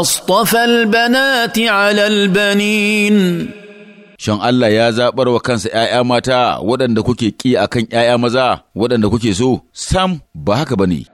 اصطفى البنات على البنين Shan Allah ya zaɓar wa kansa ‘ya'ya mata waɗanda kuke ƙi akan ‘ya'ya maza waɗanda kuke so, sam ba haka bane.